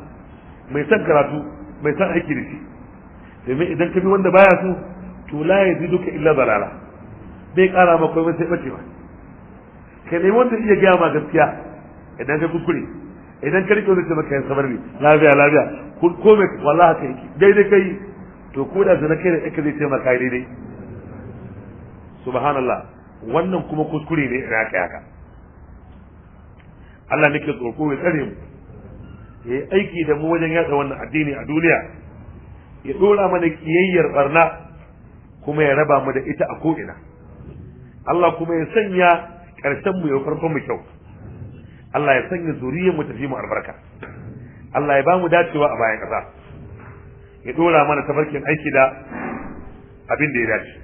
mai san karatu mai san aiki da shi domin idan ka bi wanda baya so to la duka illa dalala bai kara ba komai sai bacewa kai ne wanda iya gaya ma gaskiya idan ka kuskure idan ka rike wanda ce maka yin sabar ne lafiya lafiya ko mai wallahi haka dai daidai kai to ko da zana kai da ka zai taimaka daidai subhanallah wannan kuma kuskure ne ina aka yaka Allah nake tsoko ya tsare mu ya yi aiki da mu wajen yatsa wannan addini a duniya ya dora mana kiyayyar barna kuma ya raba mu da ita a ko'ina Allah kuma ya sanya ƙarshen mu ya farkon mu kyau Allah ya sanya zuriyar mu tafi mu albarka Allah ya ba mu dacewa a bayan ƙasa ya dora mana tafarkin aiki da abin da ya dace